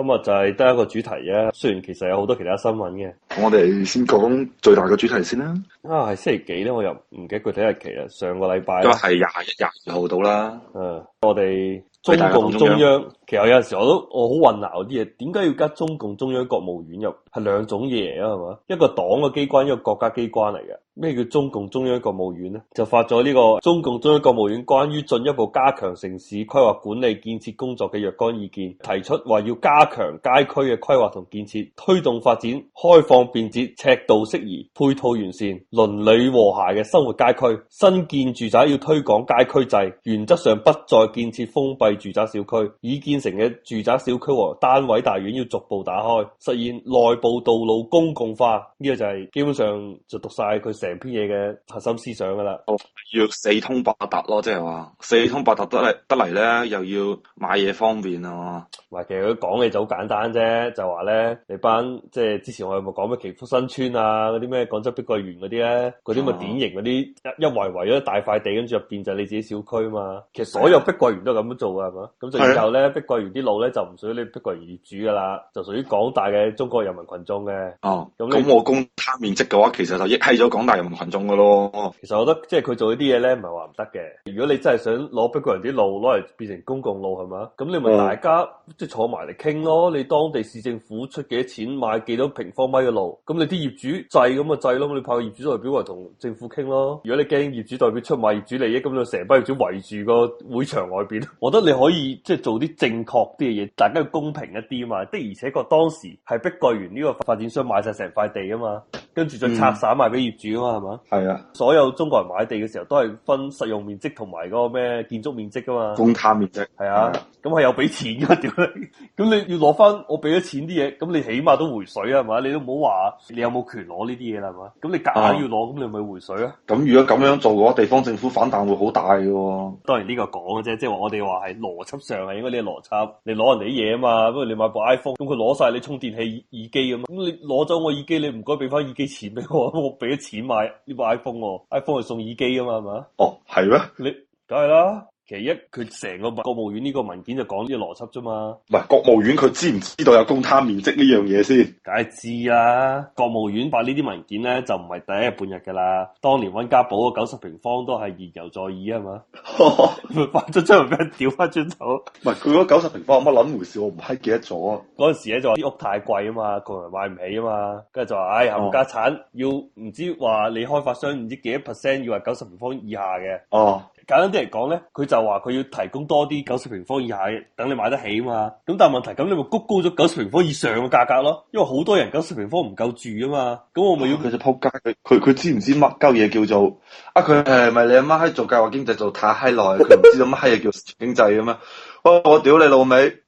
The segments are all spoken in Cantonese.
今日就係得一個主題啊！雖然其實有好多其他新聞嘅，我哋先講最大嘅主題先啦。啊，係星期幾咧？我又唔記得佢睇日期啦。上個禮拜都係廿一、廿二號到啦。嗯、啊，我哋中共中央。其實有陣時我都我好混淆啲嘢，點解要加中共中央國務院入？係兩種嘢啊，係嘛？一個黨嘅機關，一個國家機關嚟嘅。咩叫中共中央國務院呢？就發咗呢個《中共中央國務院關於進一步加強城市規劃管理建設工作嘅若干意見》，提出話要加強街區嘅規劃同建設，推動發展開放、便捷、尺度適宜、配套完善、鄰里和諧嘅生活街區。新建住宅要推廣街區制，原則上不再建設封閉住宅小區。意見成嘅住宅小區和單位大院要逐步打開，實現內部道路公共化，呢、呢個就係基本上就讀晒佢成篇嘢嘅核心思想噶啦、哦。要四通八達咯，即係話四通八達得嚟得嚟咧，又要買嘢方便啊。嘛。係，其實佢講嘅就好簡單啫，就話咧你班即係之前我有冇講咩祈福新村啊，嗰啲咩廣州碧桂園嗰啲咧，嗰啲咁嘅典型嗰啲、啊、一,一圍圍咗一大塊地，跟住入邊就係你自己小區啊嘛。其實所有碧桂園都係咁樣做啊，係嘛，咁就以後咧。的碧桂園啲路咧就唔屬於你碧桂園業主噶啦，就屬於廣大嘅中國人民群眾嘅。哦、啊，咁你、啊、我公攤面積嘅話，其實就益欺咗廣大人民群眾噶咯。其實我覺得即係佢做呢啲嘢咧，唔係話唔得嘅。如果你真係想攞碧桂園啲路攞嚟變成公共路，係咪啊？咁你問大家即係、嗯、坐埋嚟傾咯。你當地市政府出幾錢買幾多平方米嘅路？咁你啲業主制咁啊制咯。你派個業主代表嚟同政府傾咯。如果你驚業主代表出賣業主利益，咁就成班業主圍住個會場外邊。我覺得你可以即係做啲政。正確啲嘢，大家要公平一啲嘛。的而且確當時係碧桂園呢個發展商買晒成塊地啊嘛，跟住再拆散賣俾業主啊嘛，係嘛、嗯？係吧啊,所有中國人買地嘅時候都係分實用面積同埋嗰個咩建築面積噶嘛？公攤面積係啊，咁係、啊、有俾錢噶點咧？咁 你要攞翻我俾咗錢啲嘢，咁你起碼都回水啊，係嘛？你都唔好話你有冇權攞呢啲嘢啦，係嘛？咁你夾硬要攞，咁、嗯、你咪回水啊？咁、嗯、如果咁樣做嘅話，地方政府反彈會好大嘅。當然呢個講嘅啫，即係話我哋話係邏輯上係應該啲邏輯。啊！你攞人哋嘢啊嘛，不如你買部 iPhone，咁佢攞晒你充電器耳機啊嘛，咁你攞走我耳機，你唔該俾翻耳機錢俾我，啊我俾咗錢買呢部 iPhone 喎，iPhone 係送耳機啊嘛，係嘛？哦，係咩？你梗係啦。其一佢成個國務院呢個文件就講呢個邏輯啫嘛，唔係國務院，佢知唔知道有公攤面積呢樣嘢先？梗係知啦，國務院發呢啲文件咧就唔係第一日半日噶啦。當年溫家寶九十平方都係言猶在耳啊嘛，發咗張片掉翻轉頭。唔係佢嗰九十平方有乜捻回事？我唔係記得咗。嗰陣 時咧就話啲屋太貴啊嘛，窮人買唔起啊嘛，跟住就話唉、哎，冚家產要唔知話你開發商唔知幾多 percent 要話九十平方以下嘅哦。 簡單啲嚟講咧，佢就話佢要提供多啲九十平方以下，等你買得起啊嘛。咁但係問題，咁你咪谷高咗九十平方以上嘅價格咯。因為好多人九十平方唔夠住啊嘛。咁我咪要佢隻撲街，佢佢知唔知乜鳩嘢叫做啊？佢誒，咪你阿媽喺做計劃經濟做太閪耐，佢唔知道乜閪嘢叫做經濟嘅咩？哇、啊！我屌你老味。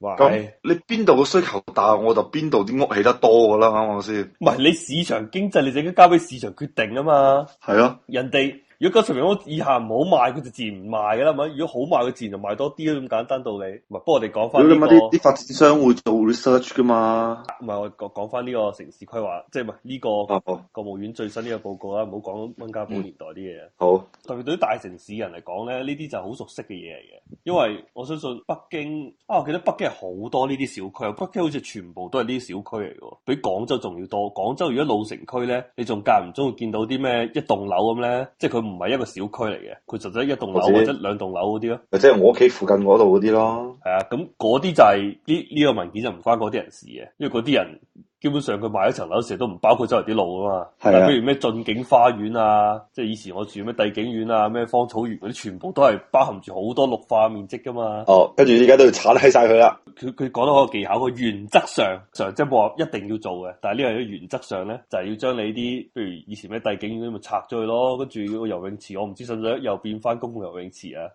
咁喂、啊、你邊度嘅需求大，我就邊度啲屋起得多噶啦。啱唔啱先？唔係你市場經濟，你就應該交俾市場決定啊嘛。係咯、啊，人哋。如果九十平方米以下唔好賣，佢就自然唔賣噶啦，係咪？如果好賣，佢自然就賣多啲咯，咁簡單道理。唔係，不如我哋講翻啲發展商會做 research 噶嘛。唔係，我講講翻呢個城市規劃，即係唔係呢個好國務院最新呢個報告啦。唔好講温家寶年代啲嘢。好，特別對於大城市人嚟講咧，呢啲就係好熟悉嘅嘢嚟嘅。因為我相信北京啊，我記得北京係好多呢啲小區，北京好似全部都係呢啲小區嚟嘅，比廣州仲要多。廣州如果老城區咧，你仲間唔中會見到啲咩一棟樓咁咧，即係佢。唔係一個小區嚟嘅，佢實質一棟樓或者兩棟樓嗰啲咯，或者我屋企附近嗰度嗰啲咯。係啊，咁嗰啲就係呢呢個文件就唔關嗰啲人事嘅，因為嗰啲人基本上佢買一層樓時都唔包括周圍啲路噶嘛。係啊，譬如咩駿景花園啊，即係以前我住咩帝景苑啊，咩芳草園啲，全部都係包含住好多綠化面積噶嘛。哦，跟住而家都要剷低晒佢啦。佢佢講到個技巧原個原則上上即係話一定要做嘅，但係呢樣嘢原則上咧就係、是、要將你啲，譬如以前咩帝景園咁咪拆咗佢咯，跟住個游泳池我唔知使唔使又變翻公共游泳池啊？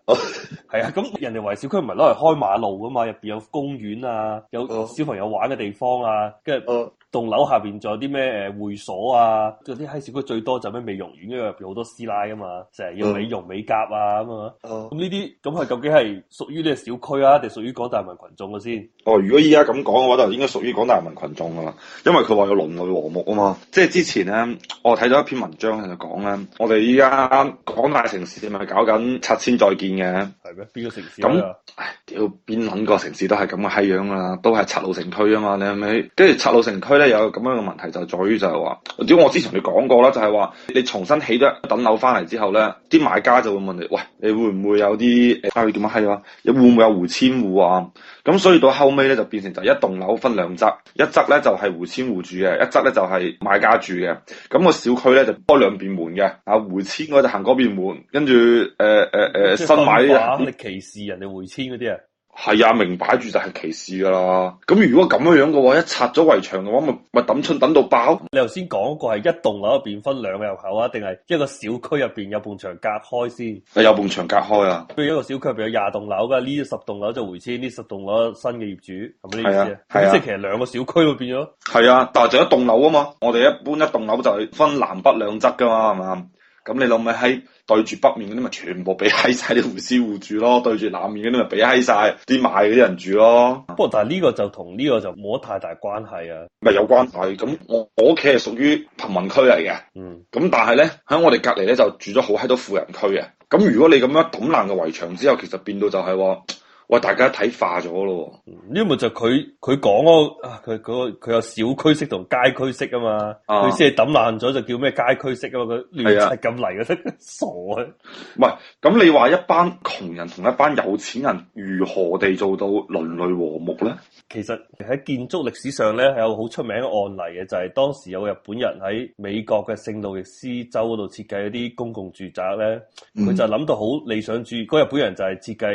係 啊，咁人哋圍小區唔係攞嚟開馬路噶嘛，入邊有公園啊，有小朋友玩嘅地方啊，跟住。棟樓下邊仲有啲咩誒會所啊？嗰啲喺小區最多就咩美容院，因為入邊好多師奶啊嘛，成日要美容美甲啊咁啊。咁呢啲咁係究竟係屬於呢個小區啊，定係屬於廣大人民群眾嘅先？哦，如果依家咁講嘅話，就應該屬於廣大人民群眾㗎喇，因為佢話有鄰里和睦啊嘛。即係之前咧，我睇咗一篇文章喺度講啦：「我哋依家廣大城市咪搞緊拆遷再建嘅，係咩？邊個城市那啊？咁唉屌！邊撚個城市都係咁嘅閪樣啦，都係拆老城區啊嘛。你係咪？跟住拆老城區有咁樣嘅問題就係、在於就係、係、話，如果我之前你講過啦，就係、係、話你重新起咗一棟樓翻嚟之後咧，啲買家就會問你，喂，你會唔會有啲誒點啊？係、哎、啊，你會唔會有回遷戶啊？咁所以到後尾咧就變成就一棟樓分兩側，一側咧就係回遷戶住嘅，一側咧就係買家住嘅。咁、那個小區咧就開兩邊門嘅，啊回遷嗰就行嗰邊門，跟住誒誒誒，呃呃、新買啲人。嗯、你歧視人哋回遷嗰啲啊！係啊，明擺住就係歧視噶啦。咁如果咁樣樣嘅話，一拆咗圍牆嘅話，咪咪抌春抌到爆。你頭先講過係一棟樓入邊分兩個入口啊，定係一個小區入邊有半牆隔開先？有半牆隔開啊。譬如一個小區入邊有廿棟樓嘅，呢十棟樓就回遷，呢十棟樓新嘅業主係咪呢意思啊？係啊，即係其實兩個小區變咗。係啊，但係就一棟樓啊嘛。我哋一般一棟樓就係分南北兩側噶嘛，係嘛？咁你諗咪喺對住北面嗰啲咪全部俾閪晒啲護士護住咯，對住南面嗰啲咪俾閪晒啲買嗰啲人住咯，不過但係呢個就同呢個就冇乜太大關係啊。咪有關係咁，我我屋企係屬於貧民區嚟嘅。嗯。咁但係咧，喺我哋隔離咧就住咗好閪多富人區啊。咁如果你咁樣抌爛個圍牆之後，其實變到就係話，喂，大家睇化咗咯，呢咪、嗯、就佢佢講啊，佢佢佢有小區式同街區式啊嘛，佢先係抌爛咗就叫咩街區式啊嘛，佢亂柒咁嚟嘅啫，的 傻啊的，唔係，咁你話一班窮人同一班有錢人如何地做到鄰里和睦咧？其實喺建築歷史上咧，有好出名嘅案例嘅，就係、是、當時有個日本人喺美國嘅聖路易斯州度設計一啲公共住宅咧，佢、嗯、就諗到好理想主義，個日本人就係設計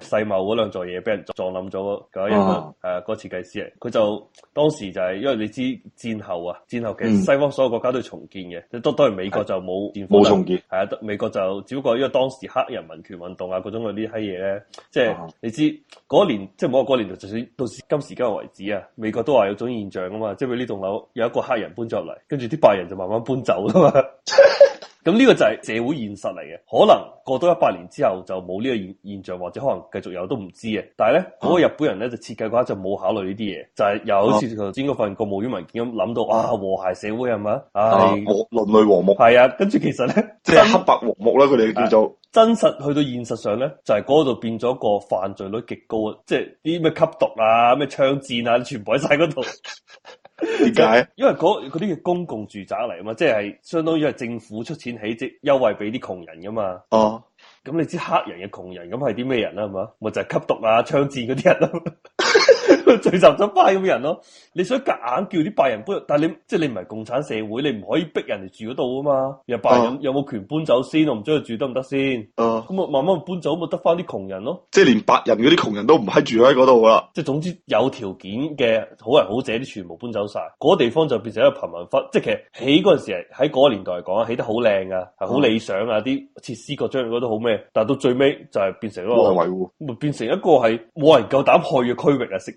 誒世貿嘅。兩座嘢俾人撞冧咗，嗰一日誒，嗰設計師佢就當時就係、是，因為你知戰後啊，戰後其實西方所有國家都要重建嘅，都都係美國就冇冇重建，係啊，美國就只不過因為當時黑人民權運動啊，嗰種嘅呢啲嘢咧，即係你知嗰年，即係唔好話嗰年，就算到今時今日為止啊，美國都話有種現象啊嘛，即係譬如呢棟樓有一個黑人搬咗嚟，跟住啲白人就慢慢搬走啦嘛。 咁呢個就係社會現實嚟嘅，可能過多一百年之後就冇呢個現現象，或者可能繼續有都唔知嘅。但係咧，嗰、那個日本人咧、啊、就設計嘅話就冇考慮呢啲嘢，就係、是、又好似頭先嗰份國務院文件咁諗到啊和諧社會係嘛，啊和鄰里和睦係啊，跟住其實咧即係黑白和睦啦，佢哋叫做真實去到現實上咧，就係嗰度變咗個犯罪率極高啊，即係啲咩吸毒啊、咩槍戰啊，全部喺晒嗰度。 點解？為因為嗰啲叫公共住宅嚟啊嘛，即係相當於係政府出錢起，即係優惠俾啲窮人噶嘛。哦，咁、嗯、你知黑人嘅窮人咁係啲咩人啦、啊？係嘛，咪就係、是、吸毒啊、槍戰嗰啲人咯、啊。 聚集咗班咁嘅人咯，你想夾硬叫啲白人搬？但係你即係你唔係共產社會，你唔可以逼人哋住嗰度啊嘛？又白人有冇權搬走先？我唔知佢住得唔得先。啊，咁啊慢慢搬走，咪得翻啲窮人咯。即係連白人嗰啲窮人都唔係住喺嗰度啦。即係總之有條件嘅好人好者，啲全部搬走晒，嗰、嗰個、地方就變成一個貧民窟。即係其實起嗰陣時喺嗰個年代嚟講，起得好靚啊，係好理想啊，啲設、嗯、施各樣嗰都好咩？但係到最尾就係變，變成一個無人維護咁啊，變成一個係冇人夠膽去嘅區域啊！食。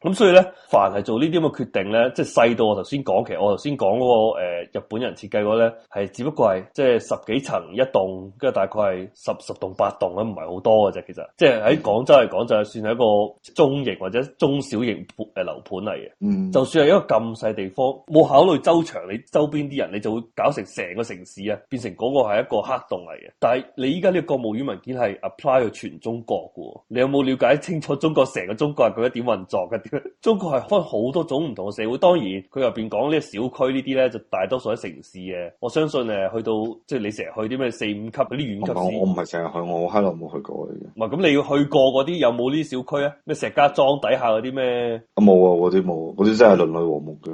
咁所以咧，凡係做呢啲咁嘅決定咧，即係細到我頭先講，其實我頭先講嗰、嗰個、呃、日本人設計嗰咧，係只不過係即係十幾層一棟，跟住大概係十十棟八棟啊，唔係好多嘅啫。其實，即係喺廣州嚟講，就係算係一個中型或者中小型盤誒樓盤嚟嘅。嗯，就算係一個咁細地方，冇考慮周長，你周邊啲人你就會搞成成個城市啊，變成嗰個係一個黑洞嚟嘅。但係你依家呢個國務院文件係 apply 去全中國嘅，你有冇瞭解清楚中國成個中國佢一點運作嘅？中國係分好多種唔同嘅社會，當然佢入邊講呢個小區呢啲咧，就大多數喺城市嘅。我相信誒，去到即係、就是、你成日去啲咩四五級嗰啲遠級，我唔係成日去，我好閪耐冇去過啦。唔係咁，你要去過嗰啲有冇呢啲小區啊？咩石家莊底下嗰啲咩？啊冇啊，嗰啲冇，嗰啲真係鄰里和睦噶，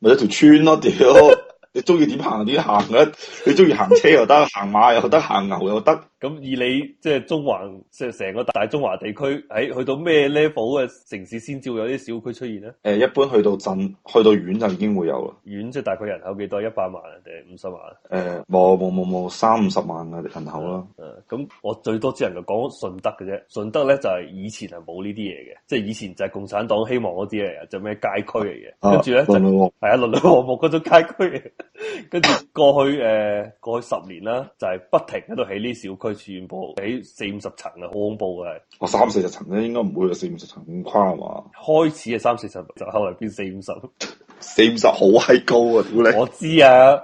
咪 一條村咯，啊，屌！ 你中意點行點行嘅，你中意行車又得，行馬又得，行牛又得。咁以你即係中環，即係成個大中華地區，喺去到咩 level 嘅城市先至會有啲小區出現咧？誒，一般去到鎮，去到縣就已經會有啦。縣即係大概人口幾多？一百萬啊定係五十萬？誒，冇冇冇冇，三五十萬啊。人口咯。誒，咁我最多只能夠講順德嘅啫。順德咧就係以前係冇呢啲嘢嘅，即係以前就係共產黨希望嗰啲嚟，就咩街區嚟嘅，跟住咧就係啊，綠綠黃黃嗰種街區。跟住過去誒、呃，過去十年啦，就係、是、不停喺度起呢小區，全部起四五十層啊，好恐怖嘅我、哦、三四十層咧，應該唔會有四五十層咁誇嘛。開始係三四十，就後來變四五十， 四五十好閪高啊！屌你！我知啊，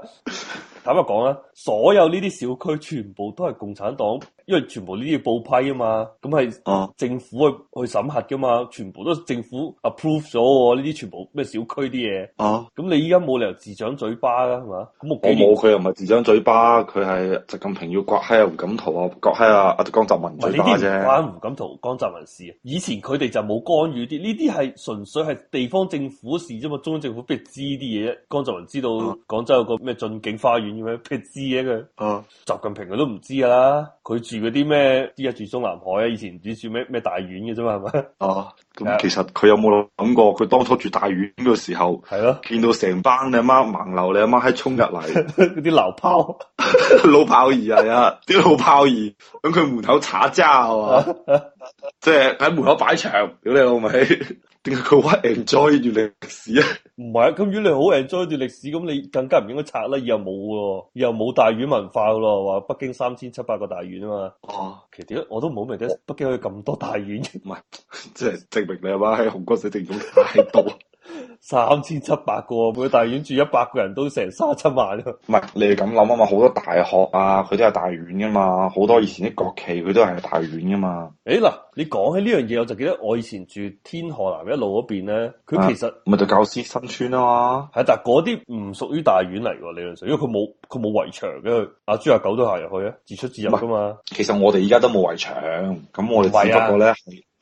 坦白講啦。所有呢啲小區全部都係共產黨，因為全部呢啲要報批啊嘛，咁係政府去去審核噶嘛，全部都政府 approve 咗喎，呢啲全部咩小區啲嘢。啊，咁你依家冇理由自掌嘴巴啦，係嘛？咁我冇佢又唔係自掌嘴巴，佢係習近平要刮開啊胡錦濤啊，刮開啊阿江澤民嘴巴啫。唔關胡錦濤江澤民事，以前佢哋就冇干預啲，呢啲係純粹係地方政府事啫嘛，中央政府邊知啲嘢，江澤民知道廣州有個咩駿景花園咁樣，依一個，啊，習近平佢都唔知噶啦，啊，佢住嗰啲咩？依家住中南海啊，以前唔知住咩咩大院嘅啫嘛，係咪？啊，咁其實佢有冇諗過，佢當初住大院嘅時候，係咯，啊，見到成班你阿媽盲流，你阿媽喺沖入嚟嗰啲流泡、老炮兒啊，啲老炮兒，咁佢門口叉焦啊，即係喺門口擺場，屌你老味！點解佢話 enjoy 住歷史啊？唔係，咁如果你好 enjoy 住歷史，咁你更加唔應該拆啦。又冇，又冇大院文化咯。話北京三千七百個大院啊嘛。哦、啊，其實點解我都唔好明得北京可以咁多大院。唔係，即係證明你阿媽喺紅光水定住太多？ 三千七百個，每個大院住一百個人都成三十七萬咯，唔係你哋咁諗啊嘛，好多大學啊，佢都係大院噶嘛，好多以前啲國企佢都係大院噶嘛。誒嗱、欸，你講起呢樣嘢，我就記得我以前住天河南一路嗰邊咧，佢其實唔係就教師新村啊嘛，係但係嗰啲唔屬於大院嚟嘅，理論上，因為佢冇佢冇圍牆嘅，阿豬阿狗都行入去啊，自出自入噶嘛。其實我哋而家都冇圍牆，咁我哋只不過咧。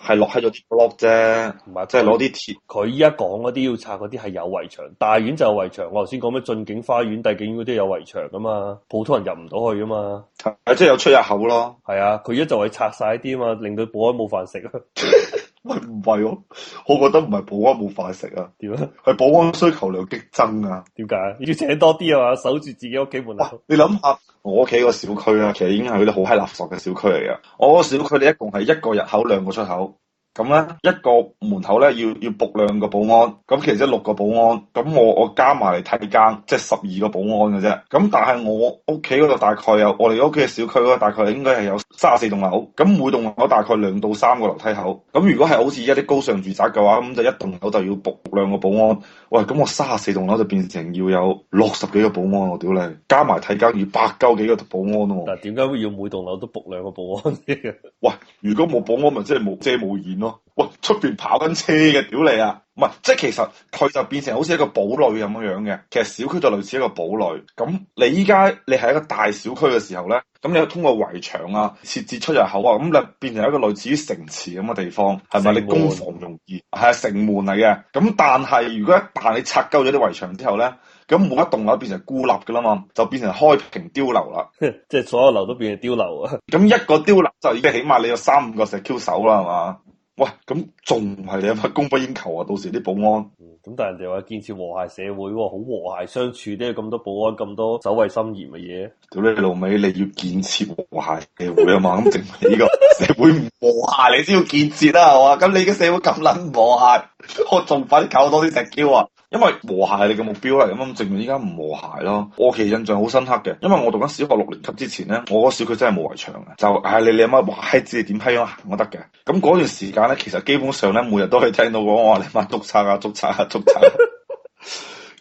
係落喺咗鐵落啫，同埋即係攞啲鐵。佢依家講嗰啲要拆嗰啲係有圍牆，大院就有圍牆。我頭先講咩駿景花園、帝景園嗰啲有圍牆噶嘛，普通人入唔到去噶嘛，即係、就是、有出入口咯。係啊，佢一就係拆晒啲嘛，令到保安冇飯食啊。 喂，唔係我，我覺得唔係保安冇飯食啊，點樣？係保安需求量激增啊，點解要請多啲啊嘛，守住自己屋企門口啊！你諗下，我屋企個小區啊，其實已經係嗰啲好閪垃圾嘅小區嚟㗎。我個小區你一共係一個入口，兩個出口。咁咧一個門口咧，要要僕兩個保安，咁其實即係六個保安，咁我我加埋嚟睇更，即係十二個保安嘅啫。咁但係我屋企嗰度大概有我哋屋企嘅小區，大概應該係有三十四棟樓，咁每棟樓大概兩到三個樓梯口。咁如果係好似一啲高尚住宅嘅話，咁就一棟樓就要僕兩個保安。喂，咁我三十四棟樓就變成要有六十幾個保安，我屌你！加埋睇更要百鳩幾個保安咯。嗱，點解會要每棟樓都僕兩個保安？ 喂，如果冇保安咪即係冇遮冇掩。喂，出邊跑緊車嘅，屌你啊！唔係，即係其實佢就變成好似一個堡壘咁樣樣嘅。其實小區就類似一個堡壘。咁你依家你係一個大小區嘅時候咧，咁你又通過圍牆啊，設置出入口啊，咁你變成一個類似於城池咁嘅地方，係咪？你攻防容易，係啊，城門嚟嘅。咁但係如果一旦你拆鳩咗啲圍牆之後咧，咁每一棟樓變成孤立噶啦嘛，就變成開平碉樓啦。 即係所有樓都變成碉樓啊！咁 一個碉樓就已經起碼你有三五個石 Q 手啦，係嘛？喂，咁仲唔係你阿媽供不應求啊！到時啲保安，咁、嗯、但係人哋話建設和諧社會，好和諧相處啲咁多保安，咁多守衛森嚴嘅嘢。屌你老味，你要建設和諧社會啊嘛？咁整呢個社會唔和諧，你先要建設啊！係嘛！咁你嘅社會咁捻和諧，我仲唔快搞多啲石雕啊？因為和諧係你嘅目標嚟，咁證明依家唔和諧咯。我其實印象好深刻嘅，因為我讀緊小學六年級之前咧，我個小區真係冇圍牆嘅，就唉，你你阿媽話，知你點批樣行都得嘅。咁嗰段時間咧，其實基本上咧，每日都可以聽到講我話你媽捉賊啊，捉賊啊，捉賊啊。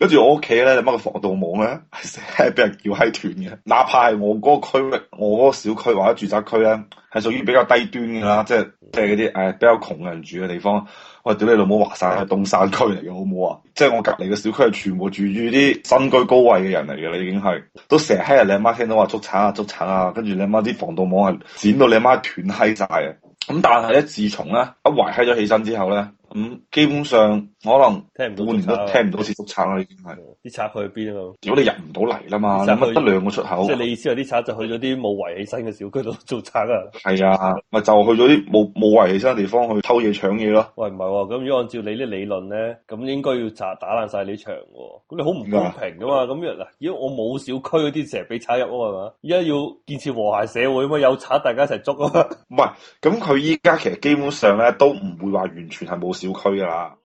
跟住我屋企咧，你媽個防盜網咧，成日俾人叫閪斷嘅。哪怕係我嗰個區域，我嗰個小區或者住宅區咧，係屬於比較低端嘅啦，即係即係嗰啲誒比較窮人住嘅地方。喂，屌你老母華山係東山區嚟嘅，好唔好啊？即係我隔離嘅小區係全部住住啲身居高位嘅人嚟嘅啦，已經係都成日閪啊！你阿媽，媽聽到話捉產啊，啊、捉產啊，跟住你阿媽啲防盜網係剪到你阿媽，媽斷閪曬嘅。咁但係咧，自從咧一壞閪咗起身之後咧，咁基本上。可能半年都聽唔到次捉賊啦，已經係啲賊去邊度？如果你入唔到嚟啦嘛，咁得兩個出口。即係你意思話啲賊就去咗啲冇圍起身嘅小區度做賊啊？係啊，咪就去咗啲冇冇圍起身嘅地方去偷嘢搶嘢咯？喂唔係喎，咁如果按照你啲理論咧，咁應該要賊打爛晒你牆噶，咁你好唔公平噶嘛？咁樣嗱，如果我冇小區嗰啲成日俾賊入啊嘛？而家要建設和諧社會嘛，有賊大家一齊捉啊？唔係，咁佢依家其實基本上咧都唔會話完全係冇小區噶啦。